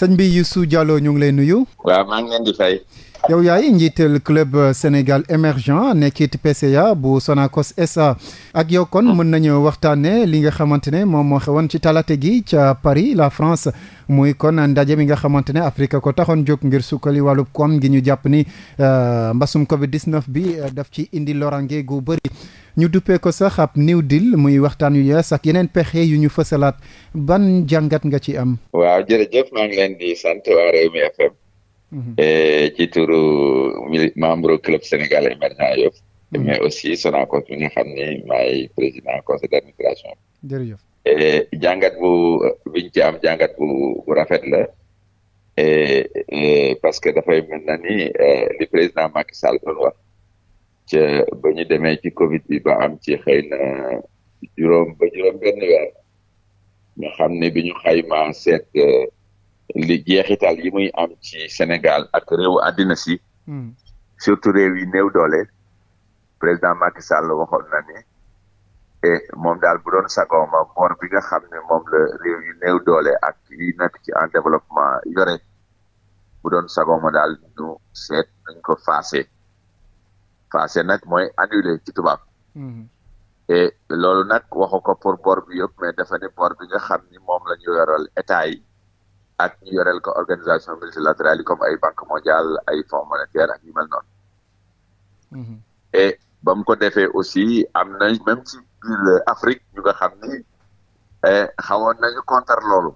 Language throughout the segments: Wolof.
sëñ bi Youssou Diallo ñu ngi lay nuyu. waaw maa ngi leen di yow yaay njiital club euh, Sénégal émergent nekkit PCA bu Sonacos SA ak yow kon mën nañu waxtaanee li nga xamante ne moom moo xewoon ci talaate gi ca Paris la France muy kon ndaje mi nga xamante ne Afrique ko taxoon jóg ngir sukkali wàllub koom ngi ñu jàpp ni euh, mbasum Covid 19 bi euh, def ci indi lorange gu bëri. ñu duppee ko sax ab new deal muy waxtaan yu yees ak yeneen pexe yu ñu fësalaat ban jàngat nga ci am. waaw jërëjëf maa ngi leen di sant waa Rewmi FM. Mm-hmm. E ci turu membre club Sénégal émergent yëpp. E mais mm-hmm. aussi Sonacos mi nga xam ne maay président conseil d' administration. jërëjëf bu biñ ci am jàngat bu bu rafet la. E, parce que dafay mel na ni li président Macky Sall doon wax ba ñu demee ci Covid bi ba am ci xëy juróom ba juróom benn weer xam ne bi ñu xayma seet. li jeexital yi muy am ci Sénégal ak réewu àddina si hmm. surtout réew yi néew doole président Macky Sall waxoon ne e moom daal bu doon sagooma bor bi nga xam ne moom la réew yu néew doole ak yi nekk ci en développement yore bu doon sagooma daal ñu seet nañ ko faase faase nag mooy annulé ci tubaab hmm. et loolu nag waxu ko pour bor bi yëpp mais dafa bi nga xam ni moom la ñu yoral état yi ak ñu yoreel ko organisation multilatérale yi comme ay banque mondiale ay fonds monétaire ak yu mel noonu mhm. et ko defee aussi am na même ci biir Afrique ñu nga xam ni eh, xawoon nañu kontar loolu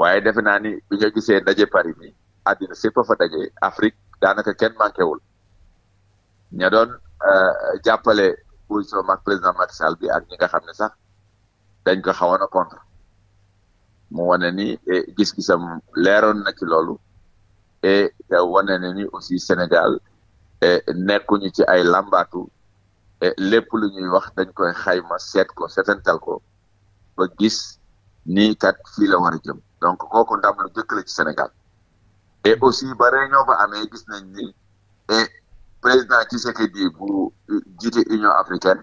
waaye defe naa ni bi nga gisee ndaje Paris bi àddina sépp fa daje Afrique daanaka kenn manqué wul ña doon eh, jàppale position mag président Macky Sall bi ak ñi nga xam ne sax dañ ko xawoon a contre mu wane ni e, gis-gisam leeroon na ci loolu et wane na ni aussi Sénégal e, nekkuñu ci ay làmbaatu e, lépp lu ñuy wax dañ koy xayma seet ko seetantal ko ba gis ni kat fii la war a jëm donc kooku ndam lu jëkk la ci Sénégal et aussi ba réunion amee gis nañ ni et président Tshisekedi bu jiite Union africaine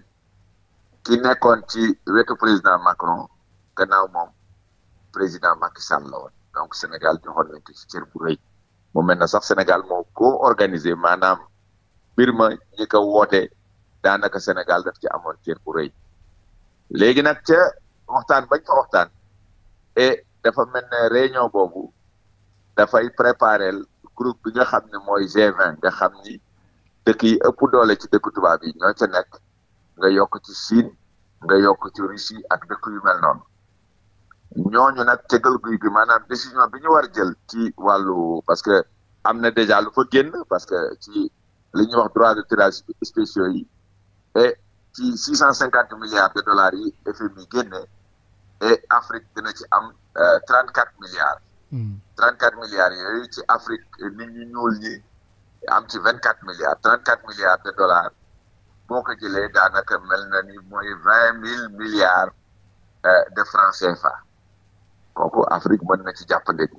ki nekkoon ci wetu président Macron gannaaw moom président Macky Sall la donc Sénégal joxoon ci cër bu rëy mu mel na sax Sénégal moo ko organisé maanaam mbir ma ñi ko woote daanaka Sénégal daf ci amoon cër bu rëy léegi nag ca waxtaan bañ ko waxtaan et dafa mel ne réunion boobu dafay préparer groupe bi nga xam ne mooy g nga xam ni dëkk yi ëpp doole ci dëkk tubaab yi ñoo ca nekk nga yokk ci Chine nga yokk ci Russie ak dëkk yu mel noonu ñooñu nag tegal guy bi maanaam décision bi ñu war jël ci wàllu parce que am na déjà lu fa génn parce que ci li ñuy wax droit de tirage spéciaux yi et ci six cent cinquante milliards de dollars yi FMI génne et Afrique dina ci am euh, trente quatre milliards hmm. trente quatre milliards ci Afrique nit ñuul am ci vingt quatre milliards trente quatre milliards de dollars boo ko jëlee daanaka mel na ni mooy vingt mille milliards euh, de francs CFA kooku Afrique mën na ci jàppandeku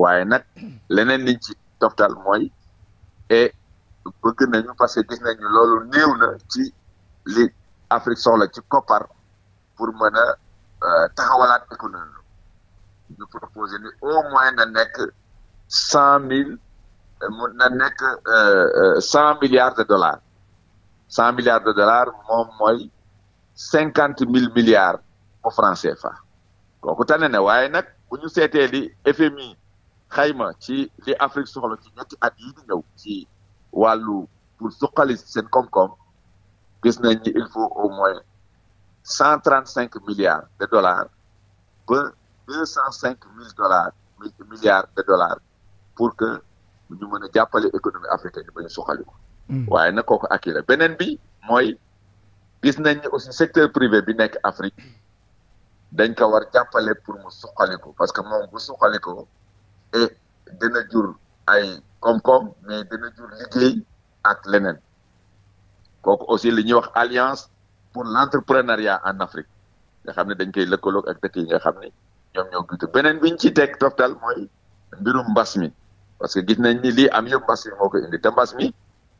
waaye nag leneen liñ ci toftal mooy et eh, bëgg nañu parce que gis nañu loolu néew na ci li Afrique soxla ci koppar pour mën a euh, taxawalaat économie ñu proposé ni au moins na nekk cent mille na nekk euh, euh, cent milliards de dollars cent milliards de dollars moom mooy cinquante mille milliards au franc CFA kooku tane ne waaye nag bu ñu seetee li FMI xayma ci li Afrique soxla ci ñetti at yi di ñëw ci wàllu pour suqali seen koom-koom gis nañ ni il faut au moins cent trente cinq milliards de dollars ba deux cent cinq mille dollars milliards de dollars pour que ñu mën jàppale économie africaine ba ñu hmm. waaye nag kooku ak beneen bi mooy gis nañ aussi secteur privé bi nekk Afrique dañ ko war jàppale pour mu suqaliku parce que moom bu suqaliko et eh, dina jur ay koom-koom mais dina jur liggéey ak leneen kooku aussi li ñuy wax alliance pour l'entrepreneuriat en Afrique nga xam ne dañ koy lëkkaloog ak dëkk yi nga xam ne ñoom ñoo beneen bi ñu ciy teg toftal mooy mbirum mbas mi parce que gis nañ ni lii am yëpp mbas mi moo ko indi te mbas mi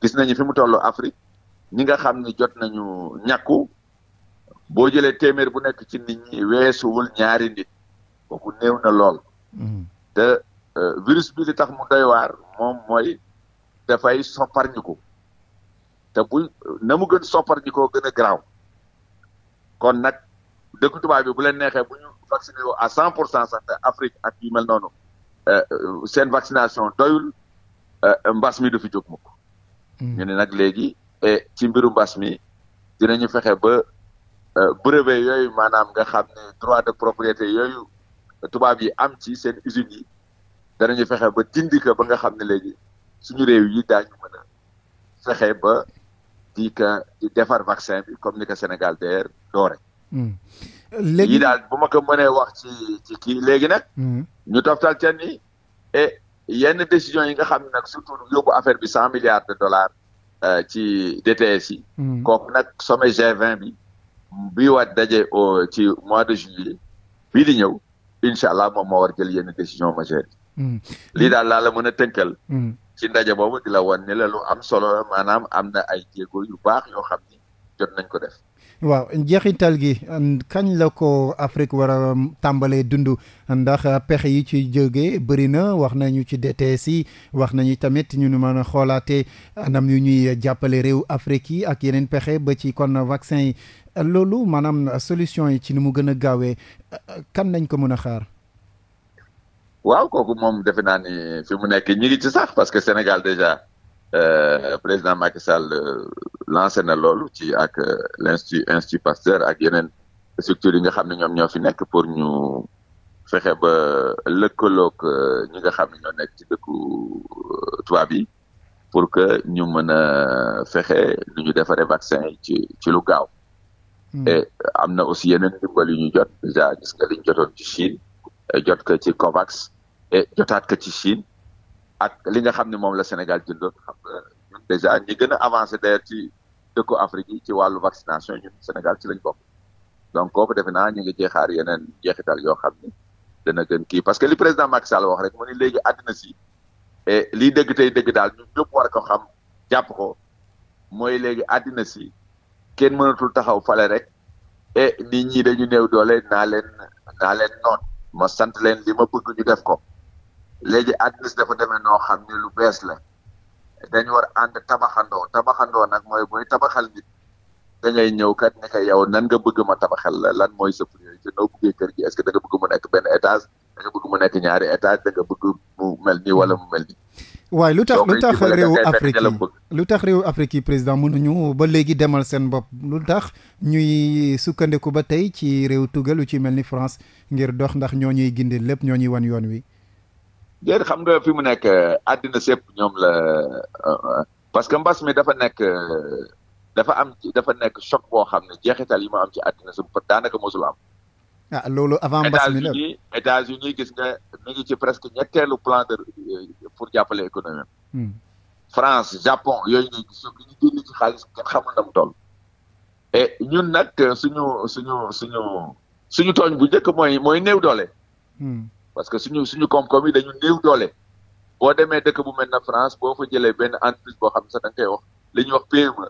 gis nañu fi mu toll Afrique ñi nga xam ne jot nañu ñàkku boo jëlee téeméer bu nekk ci nit ñi weesuwul ñaari nit kooku néew na lool mm-hmm. te euh, virus bi li tax mu doy waar moom mooy dafay sopparñiku te bu na mu gën sopparñikoo gën a garaaw kon nag dëkk tubaab bi bu leen neexee bu ñu woo à cent pour cent sax Afrique ak yu mel noonu euh, euh, seen vaccination doyul mbas mi du fi jóg mukk mm-hmm. ñu ne nag léegi eh, ci mbiru mbas mi dinañu fexe ba Euh, brevet yooyu maanaam nga xam ne droit de propriété yooyu tubaab yi am ci seen usines yi danañu fexe ba dindi ba nga xam ne léegi suñu réew yi daañu mën fexe ba di ka di defar vaccin bi comme ni ko Sénégal deer doore yi hmm. daal bu ma ko mënee wax ci ci léegi nag. Hmm. ñu toftal ca ni et yenn décision yi nga xam ne nag surtout yóbbu affaire bi cent milliards de dollars euh, ci DTS yi. Hmm. kooku nag sommet g bi. bii waat daje ci mois de juillet bii di ñëw incha allah moom moo war jël yenn décision majeure hmm. lii daal laa la mën a tënkal hmm. ci ndaje boobu di la wan ne am solo maanaam am na ay jéego yu baax yoo xam ni jot nañ ko def waaw njeexital gi kañ la ko Afrique war a um, tàmbalee dundu ndax uh, pexe yi ci jóge bëri na wax nañu ci DTS yi wax nañu tamit ñu nu mën a xoolaatee anam yu ñuy jàppale réew Afrique yi ak yeneen pexe ba ci kon vaccin yi loolu maanaam solution yi ci ni mu gën a gaawee uh, kam nañ ko mën a xaar. waaw kooku moom defe naa fi mu nekk ñi sax parce que Sénégal déjà. Euh, président Macky Sall euh, lancé na loolu ci ak euh, l' institut institut Pasteur ak yeneen structures yi nga xam ne ñoom ñoo fi nekk pour ñu fexe ba lëkkaloog ñi nga xam ne ñoo nekk ci dëkku tubaab yi pour que ñu mën a fexe lu ñu defaree vaccin yi ci ci lu gaaw. e am na aussi yeneen ndimbal yu ñu jot déjà gis nga li jotoon ci Chine jot ko ci COVAX et jotaat ko ci Chine. ak li nga xam ne moom la Sénégal jëndoon xam nga déjà ñi gën a avancé d'ailleurs ci dëkku Afrique yi ci wàllu vaccination ñun Sénégal ci lañ bokk donc kooku defe naa ñu ngi jeexaar yeneen jeexital yoo xam ni dana gën kii parce que li président Macky Sall wax rek mu ni léegi àddina si et lii dëgg tey dëgg daal ñun ñëpp war ko xam jàpp ko mooy léegi àddina si kenn mënatul taxaw fale rek et nit ñi ñu néew doole naa leen naa leen noon ma sant leen li ma bëgg ñu def ko léegi àddina dafa demee no xam ne lu bees la dañu war ànd tabaxandoo tabaxandoo nag mooy buy tabaxal nit da ngay ñëw kat ne ko yow nan nga bëgg ma tabaxal la lan mooy sa priorité noo bëggee kër gi est-ce que da mu nekk benn étage da nga bëgg nekk ñaari étage da nga mu mel nii wala mu mel waaye lu tax lu tax réewu Afrique yi lu tax réewu Afrique yi président mënuñu ba léegi demal seen bopp lu tax ñuy sukkandiku ba tey ci réew tugal lu ci mel ni France ngir dox ndax ñoo ñuy gindi lépp ñoo ñuy wan yoon wi. déedéet xam nga fi mu nekk àddina sépp ñoom la euh, parce que mbas mi dafa nekk dafa am dafa nekk choc boo xam ne jeexital yi am ci àddina sépp daanaka mosul am. Ah, loolu avant mbas mi la États-Unis gis nga mi ngi ci presque ñetteelu plan de euh, pour jàppale économie hmm. France Japon yooyu ngay gis ñoom ñun nag suñu suñu suñu suñu tooñ bu njëkk mooy mooy néew doole. Hmm. parce que suñu suñu koom-koom yi dañu néew doole boo demee dëkk bu mel na France boo fa jëlee benn entreprise boo xam ne sax da wax li ñuy wax PME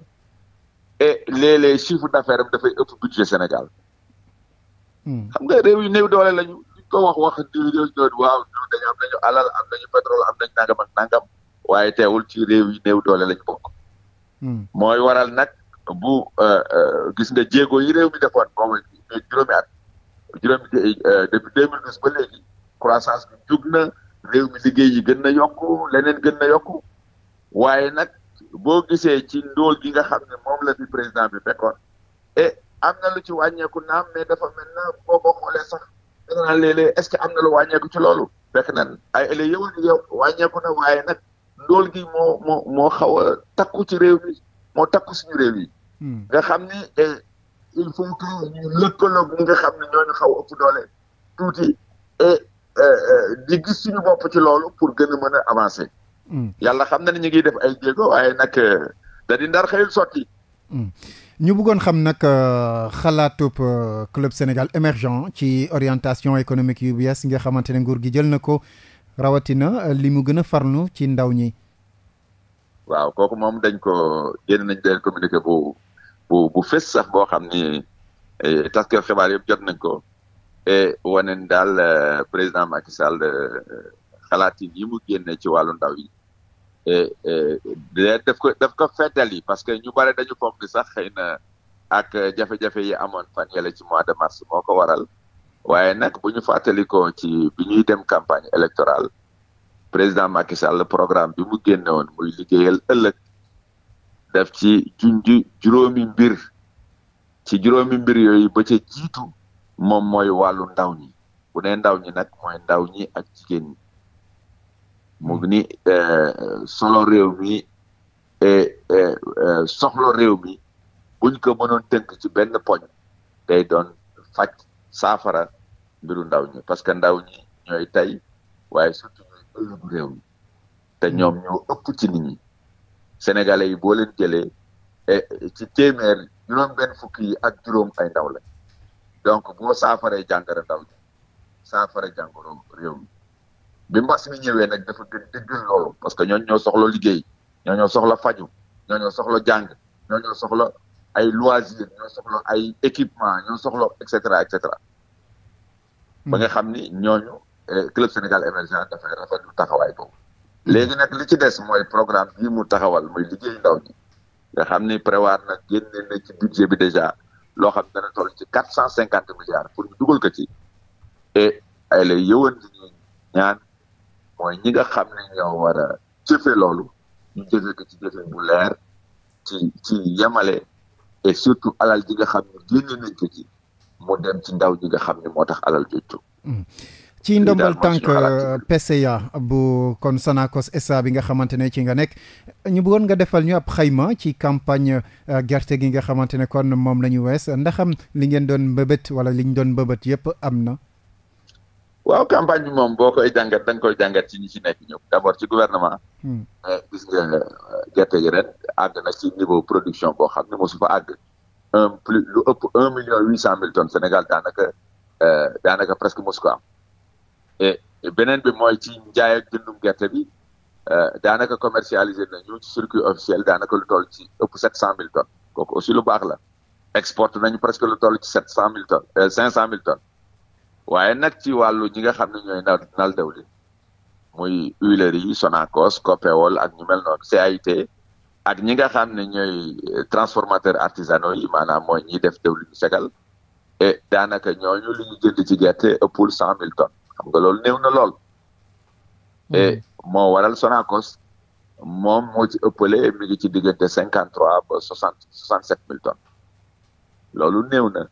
et léeg chiffre d'affaires am dafay ëpp budget Sénégal. Hmm. xam nga réew yu néew doole lañu ko wax wax di nañu alal am nañu pétrole waaye teewul ci réew yu néew doole lañu bokk. Hmm. mooy waral nag bu euh, euh, gis nga jéego yi réew mi defoon boobu at juróomi euh, depuis deux mille croissance bi jug na réew mi liggéey yi gën na yokk leneen gën na yokk waaye nag boo gisee ci ndóol gi nga xam ne moom la fi président bi fekkoon et eh, am na ci wàññeeku naam mais dafa mel na boo ko xoolee sax est ce que am na lu wàññeeku ci loolu fekk na ay ëllëg yow yow wàññeeku na waaye nag ndóol gi moo moo moo xaw a takku ci réew mi moo takku suñu réew yi hmm. nga xam ni eh, il faut que ñu lëkkaloog ñi nga xam ne ñooñu xaw ëpp doole tuuti eh, Euh, euh, di gis suñu ci loolu pour gën a mën a hmm. yàlla xam na ne ñu def ay jéego waaye nag euh, da di ndar xëyul sotti. Hmm. ñu bëggoon xam nag xalaatub club Sénégal émergent ci orientation économique yu bees nga xamante ne nguur gi jël na ko rawatina li mu gën a farlu ci ndaw ñi. waaw kooku moom dañ ko génn nañ leen communiqué bu bu bu fës sax boo xam ni eh, taskatu xibaar yëpp jot nañ ko. et wane ni daal e, président Macky Sall e, xalaatin yi mu génne ci wàllu ndaw yi e, daf ko daf ko feddal yi parce que ñu bare dañu foog ni sax xëy na ak jafe-jafe yi amoon fan yële ci mois de mars moo ko waral waaye nag bu ñu fàttalikoo ci bi ñuy dem campagne électorale président Macky Sall programme bi mu génne woon muy liggéeyal ëllëg daf ci junj juróomi mbir ci juróomi mbir yooyu ba ca jiitu moom mooy wàllu ndaw ñi bu ne ndaw ñi nag mooy ndaw ñi ak jigéen ñi mu ni eh, solo réew mi eh, eh, soxla réew mi buñ ko mënoon tënk ci benn poñ day doon faj saafara mbiru ndaw ñi parce que ndaw ñi ñooy tey waaye surtout ñooy ëllëgu réew mi te ñoom ñoo ëpp ci nit ñi sénégalais yi boo leen jëlee ci téeméer juróom benn fukk yi ak juróom ay ndaw la donc boo saafaree jàngara ndaw ji saafara jàngoro mi bi mbas mi ñëwee nag dafa gën dëggal loolu parce que ñooñu ñoo soxla liggéey ñoo ñoo soxla faju soxla jàng ñoo soxla ay loisir ñoo soxla ay équipement ñoo soxla et cetera et cetera ba nga xam ni ñooñu eh, club Sénégal émergent dafay rafetlu taxawaay boobu léegi nag li ci des mooy programme bii mu taxawal muy liggéey ndaw ñi nga xam ni prévoir nag génne na ci budget bi déjà loo xam dana toll ci quatre cent cinquante milliards pour ñu dugal ko ci et ay la yëwan li ñaan mooy ñi nga xam ne ñoo war a jëfe loolu ñu jëfe ko jëfe bu leer ci ci yemale et surtout alal ji nga xam ne génn nañ ko ci mu dem ci ndaw ñi nga xam ne moo tax alal jooju ci ndombal tànk euh, PCA bu kon Sonacos SA bi nga xamante ne ci nga nekk ñu bëggoon nga defal ñu ab xayma ci campagne euh, gerte gi nga xamante ne kon moom la ñu wees ndaxam li ngeen doon mbëbët wala li ñu doon mbëbët yépp am na waaw campagne bi moom boo koy jàngat da koy jàngat ci ñi ci nekk ñëpp d' ci gouvernement hmm. euh, gerte gi ren àgg na ci niveau production boo xam ne mosu fa àgg lu ëpp un million huit cent mille tonnes Sénégal daanaka daanaka presque mosu ko am E, beneen bi mooy ci njaay ak jëndum gerte bi e, daanaka commercialisé nañu ci circuit officiel daanaka lu toll ci ëpp sept cent mille tonnes aussi lu baax la exporté nañu presque lu toll ci sept cent mille tonnes e, cinq cent mille tonnes waaye nag ci wàllu ñi nga xam ne ñooy nal nal dawli muy huileries yi Sonacos Copéol ak ñu mel noonu CAIT ak ñi nga xam ne ñooy transformateur artisanaux yi maanaam mooy ñiy def dawlin segal et daanaka ñooñu li ñu jënd ci gerte ëppul cent mille tonnes xam nga loolu néew na lool. et moo waral Sonacos moom moo ci ëppale mi ngi ci diggante cinquante trois ba soixante soixante mille tonnes loolu néew na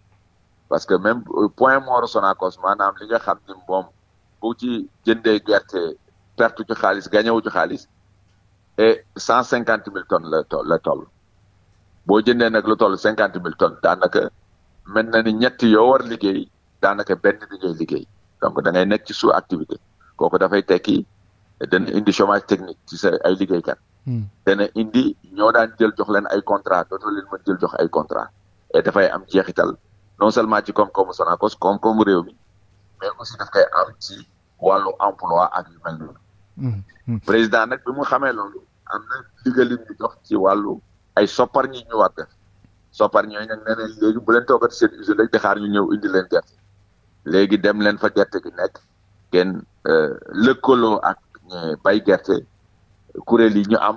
parce que même point mort Sonacos maanaam li nga xam ni moom bu ci jëndee gerte perte ci xaalis gañewu ci xaalis e eh, cent cinquante mille tonnes la toll la toll boo jëndee nag lu toll cinquante mille tonnes daanaka mel na ni ñett yoo war liggéey daanaka benn bi liggéey donc da nekk ci su activité kooku dafay tekki dana indi chômage technique ci sa ay liggéeykat. Hmm. dana indi ñoo daan jël jox leen ay contrat dootoo leen mën jël jox ay contrat et dafay am jeexital non seulement ci koom-koomu Sonacos koom-koomu réew mi mais aussi daf koy ci wàllu emploi ak noonu. Hmm. Hmm. président nag bi mu xamee loolu am na digalim jox ci wàllu ay soppar ñi ñu war def soppar ñooyu nag nee bu leen toogati seen usine rek di xaar ñu ñëw indi leen gerte. léegi dem leen fa gerte gi nekk kenn euh, lëkkaloo ak ñu bay gerte kuréel yi ñu am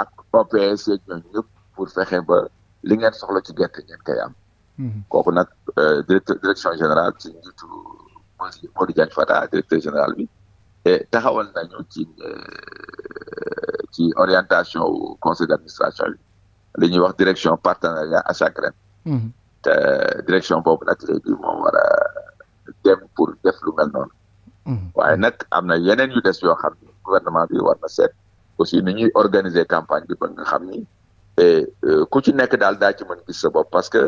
ak OPS yeeg ñooñu ñëpp pour fexe ba li ngeen soxla ci gerte ngeen koy am. Mm-hmm. kooku nag euh, directeur direction générale ci njiitu général bi. taxawal nañu ci euh, ci orientation wu conseil d'administration li ñuy wax direction partenariat achat grain. Mm-hmm. te direction boobu nag léegi moom war a dem pour def lu mel hmm. waaye nag am na yeneen yu des yoo xam ni gouvernement bi war na seet aussi nu ñuy organiser campagne bi ba nga xam ni eh, euh, ku ci nekk daal daa ci mën gis sa bopp parce que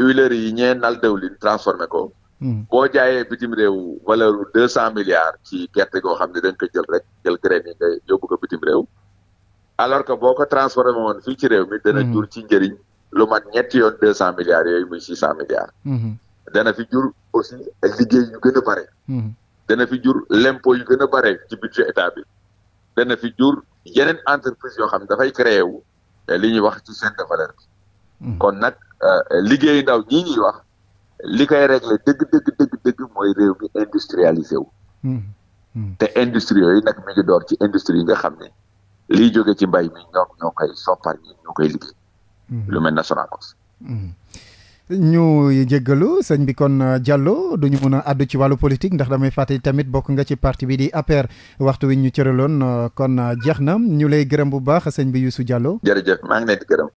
huileries yi ñee nal dëwlin transformé ko. Hmm. boo jaayee bitim réew valeur bu deux cent milliards ci gerte go xam ne da nga ko jël rek jël graine yi nga yóbbu bitim réew. alors que boo ko transformé woon fii ci réew mi. dana hmm. jur ci njëriñ lu mat ñetti yoon deux cent milliards yooyu muy six cent dana fi jur aussi liggéey yu gën a bare. Hmm. dana fi jur yu gën a bare ci budget état bi. dana fi jur yeneen entreprise yoo xam ne dafay créé wu eh, li ñuy wax ci chaîne de bi. Hmm. kon nag euh, liggéeyu ndaw ñii ñuy wax li koy réglé dëgg dëgg dëgg mooy réew mi industrialisé wu. Hmm. te industrie yooyu nag mi ngi door ci industrie yi nga xam ne li jóge ci mbay mi ñoom ñoo koy soppar ñi ñoo koy liggéey. lu mel na Sonacos. ñu jéggalu sëñ bi kon euh, Diallo duñu mën a addu ci wàllu politique ndax damay fàttali tamit bokk nga ci parti bi di APR waxtu wi ñu loon euh, kon euh, jeex na ñu lay gërëm bu baax sëñ bi Youssou Diallo. jërëjëf maa ngi leen gërëm.